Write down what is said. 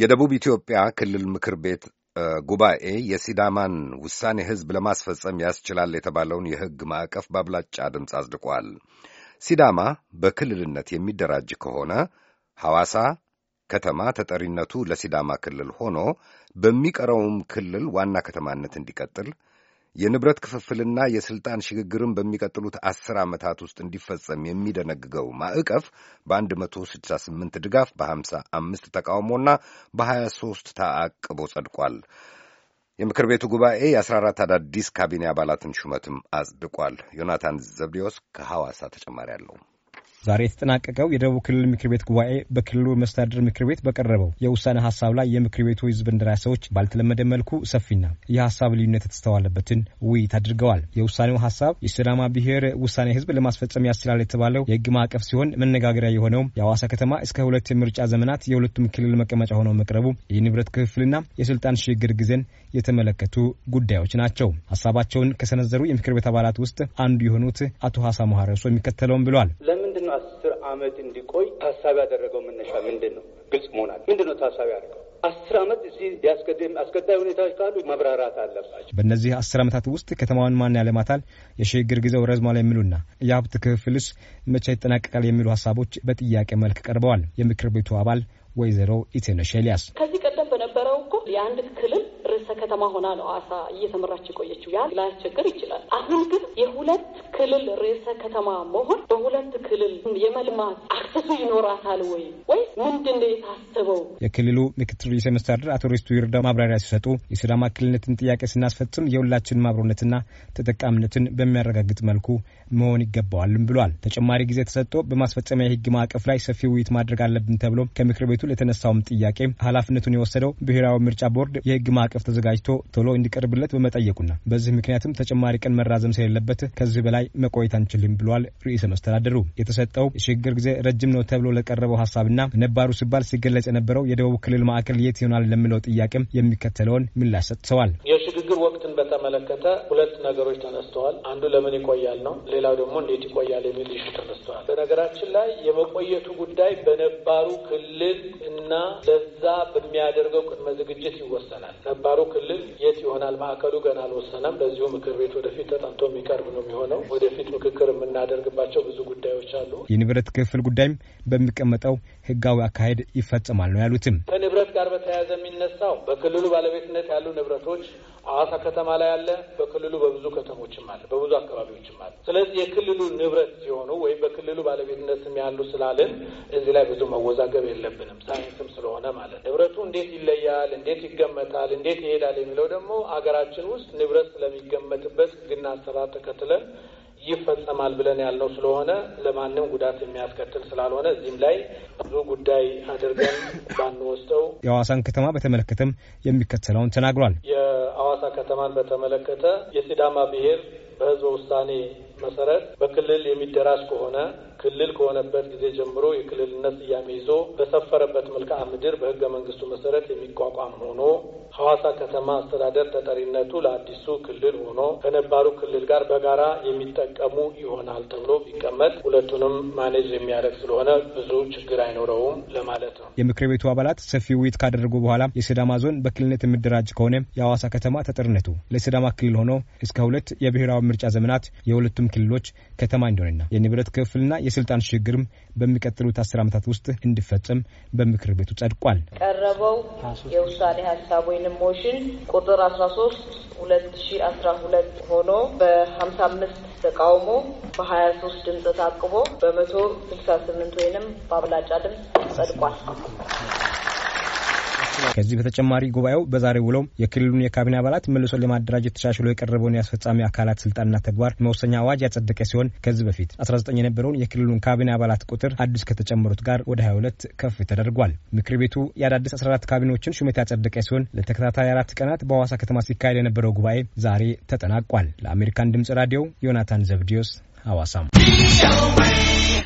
የደቡብ ኢትዮጵያ ክልል ምክር ቤት ጉባኤ የሲዳማን ውሳኔ ሕዝብ ለማስፈጸም ያስችላል የተባለውን የሕግ ማዕቀፍ በአብላጫ ድምፅ አጽድቋል። ሲዳማ በክልልነት የሚደራጅ ከሆነ ሐዋሳ ከተማ ተጠሪነቱ ለሲዳማ ክልል ሆኖ በሚቀረውም ክልል ዋና ከተማነት እንዲቀጥል የንብረት ክፍፍልና የሥልጣን ሽግግርን በሚቀጥሉት አስር ዓመታት ውስጥ እንዲፈጸም የሚደነግገው ማዕቀፍ በ168 ድጋፍ በ55 ተቃውሞና በ23 ተአቅቦ ጸድቋል። የምክር ቤቱ ጉባኤ የ14 አዳዲስ ካቢኔ አባላትን ሹመትም አጽድቋል። ዮናታን ዘብዴዎስ ከሐዋሳ ተጨማሪ አለው። ዛሬ የተጠናቀቀው የደቡብ ክልል ምክር ቤት ጉባኤ በክልሉ መስተዳድር ምክር ቤት በቀረበው የውሳኔ ሀሳብ ላይ የምክር ቤቱ ህዝብ እንደራሴዎች ባልተለመደ መልኩ ሰፊና የሀሳብ ልዩነት የተስተዋለበትን ውይይት አድርገዋል። የውሳኔው ሀሳብ የሲዳማ ብሔር ውሳኔ ህዝብ ለማስፈጸም ያስችላል የተባለው የህግ ማዕቀፍ ሲሆን መነጋገሪያ የሆነውም የአዋሳ ከተማ እስከ ሁለት የምርጫ ዘመናት የሁለቱም ክልል መቀመጫ ሆነው መቅረቡ የንብረት ክፍፍልና የስልጣን ሽግግር ጊዜን የተመለከቱ ጉዳዮች ናቸው። ሀሳባቸውን ከሰነዘሩ የምክር ቤት አባላት ውስጥ አንዱ የሆኑት አቶ ሀሳ መሐረሶ የሚከተለውን ብሏል። አመት እንዲቆይ ታሳቢ ያደረገው መነሻ ምንድን ነው? ግልጽ መሆናል። ምንድን ነው ታሳቢ ያደርገው? አስር አመት እዚህ አስገዳይ ሁኔታዎች ካሉ መብራራት አለባቸው። በእነዚህ አስር አመታት ውስጥ ከተማዋን ማን ያለማታል፣ የሽግግር ጊዜው ረዝሟል የሚሉና የሀብት ክፍፍልስ መቼ ይጠናቀቃል የሚሉ ሀሳቦች በጥያቄ መልክ ቀርበዋል። የምክር ቤቱ አባል ወይዘሮ ኢቴነሽ ኤልያስ ከዚህ ቀደም በነበረው እኮ የአንድ ክልል ርዕሰ ከተማ ሆና ነው አሳ እየተመራች የቆየችው። ያ ላያስቸግር ይችላል። አሁን ግን የሁለት ክልል ርዕሰ ከተማ መሆን በሁለት ክልል የመልማት አክሰሱ ይኖራታል ወይ ወይ ምንድን ነው የታሰበው? የክልሉ ምክትል ርዕሰ መስተዳድር አቶ ሬስቱ ይርዳው ማብራሪያ ሲሰጡ የሲዳማ ክልልነትን ጥያቄ ስናስፈጽም የሁላችን አብሮነትና ተጠቃሚነትን በሚያረጋግጥ መልኩ መሆን ይገባዋልም ብሏል። ተጨማሪ ጊዜ ተሰጥቶ በማስፈጸሚያ የህግ ማዕቀፍ ላይ ሰፊ ውይይት ማድረግ አለብን ተብሎ ከምክር ቤቱ ለተነሳውም ጥያቄ ኃላፊነቱን የወሰደው ብሔራዊ ምርጫ ቦርድ የህግ ማዕቀፍ ተዘጋጅቶ ቶሎ እንዲቀርብለት በመጠየቁና በዚህ ምክንያትም ተጨማሪ ቀን መራዘም ስለሌለበት ከዚህ በላይ መቆየት አንችልም ብሏል። ርዕሰ መስተዳደሩ የተሰጠው የሽግግር ጊዜ ረጅም ነው ተብሎ ለቀረበው ሀሳብና ነባሩ ሲባል ሲገለጽ የነበረው የደቡብ ክልል ማዕከል የት ይሆናል ለሚለው ጥያቄም የሚከተለውን ምላሽ ሰጥተዋል። የችግር ወቅትን በተመለከተ ሁለት ነገሮች ተነስተዋል። አንዱ ለምን ይቆያል ነው፣ ሌላው ደግሞ እንዴት ይቆያል የሚል ይሹ ተነስተዋል። በነገራችን ላይ የመቆየቱ ጉዳይ በነባሩ ክልል እና ለዛ በሚያደርገው ቅድመ ዝግጅት ይወሰናል። ነባሩ ክልል የት ይሆናል ማዕከሉ ገና አልወሰነም። በዚሁ ምክር ቤት ወደፊት ተጠንቶ የሚቀርብ ነው የሚሆነው። ወደፊት ምክክር የምናደርግባቸው ብዙ ጉዳዮች አሉ። የንብረት ክፍል ጉዳይም በሚቀመጠው ህጋዊ አካሄድ ይፈጸማል ነው ያሉትም ከንብረት ጋር በተያያዘ የሚነሳው በክልሉ ባለቤትነት ያሉ ንብረቶች አዋሳ ከተማ ላይ አለ። በክልሉ በብዙ ከተሞችም አለ፣ በብዙ አካባቢዎችም አለ። ስለዚህ የክልሉ ንብረት ሲሆኑ ወይም በክልሉ ባለቤትነት ስም ያሉ ስላልን እዚህ ላይ ብዙ መወዛገብ የለብንም። ሳይንስም ስለሆነ ማለት ንብረቱ እንዴት ይለያል፣ እንዴት ይገመታል፣ እንዴት ይሄዳል የሚለው ደግሞ አገራችን ውስጥ ንብረት ስለሚገመትበት ሕግና አሰራር ተከትለን ይፈጸማል ብለን ያልነው ስለሆነ ለማንም ጉዳት የሚያስከትል ስላልሆነ እዚህም ላይ ብዙ ጉዳይ አድርገን ባንወስደው የሐዋሳን ከተማ በተመለከተም የሚከተለውን ተናግሯል። የሐዋሳ ከተማን በተመለከተ የሲዳማ ብሔር በህዝበ ውሳኔ መሰረት በክልል የሚደራጅ ከሆነ ክልል ከሆነበት ጊዜ ጀምሮ የክልልነት ስያሜ ይዞ በሰፈረበት መልክዓ ምድር በህገ መንግስቱ መሰረት የሚቋቋም ሆኖ ሐዋሳ ከተማ አስተዳደር ተጠሪነቱ ለአዲሱ ክልል ሆኖ ከነባሩ ክልል ጋር በጋራ የሚጠቀሙ ይሆናል ተብሎ ቢቀመጥ ሁለቱንም ማኔጅ የሚያደርግ ስለሆነ ብዙ ችግር አይኖረውም ለማለት ነው። የምክር ቤቱ አባላት ሰፊ ውይይት ካደረጉ በኋላ የሲዳማ ዞን በክልልነት የሚደራጅ ከሆነ የሐዋሳ ከተማ ተጠሪነቱ ለሲዳማ ክልል ሆኖ እስከ ሁለት የብሔራዊ ምርጫ ዘመናት የሁለቱም ክልሎች ከተማ እንደሆነና የንብረት ክፍልና የስልጣን ሽግግርም በሚቀጥሉት አስር ዓመታት ውስጥ እንዲፈጸም በምክር ቤቱ ጸድቋል። ቀረበው የውሳኔ ሀሳብ ወይንም ሞሽን ቁጥር አስራ ሶስት ሁለት ሺ አስራ ሁለት ሆኖ በሀምሳ አምስት ተቃውሞ በሀያ ሶስት ድምፅ ታቅቦ በመቶ ስልሳ ስምንት ወይንም በአብላጫ ድምፅ ጸድቋል። ከዚህ በተጨማሪ ጉባኤው በዛሬ ውለው የክልሉን የካቢኔ አባላት መልሶ ለማደራጀት ተሻሽሎ የቀረበውን የአስፈጻሚ አካላት ስልጣንና ተግባር መወሰኛ አዋጅ ያጸደቀ ሲሆን ከዚህ በፊት 19 የነበረውን የክልሉን ካቢኔ አባላት ቁጥር አዲስ ከተጨመሩት ጋር ወደ 22 ከፍ ተደርጓል። ምክር ቤቱ የአዳዲስ 14 ካቢኔዎችን ሹመት ያጸደቀ ሲሆን ለተከታታይ አራት ቀናት በሐዋሳ ከተማ ሲካሄድ የነበረው ጉባኤ ዛሬ ተጠናቋል። ለአሜሪካን ድምጽ ራዲዮ ዮናታን ዘብዲዮስ ሐዋሳም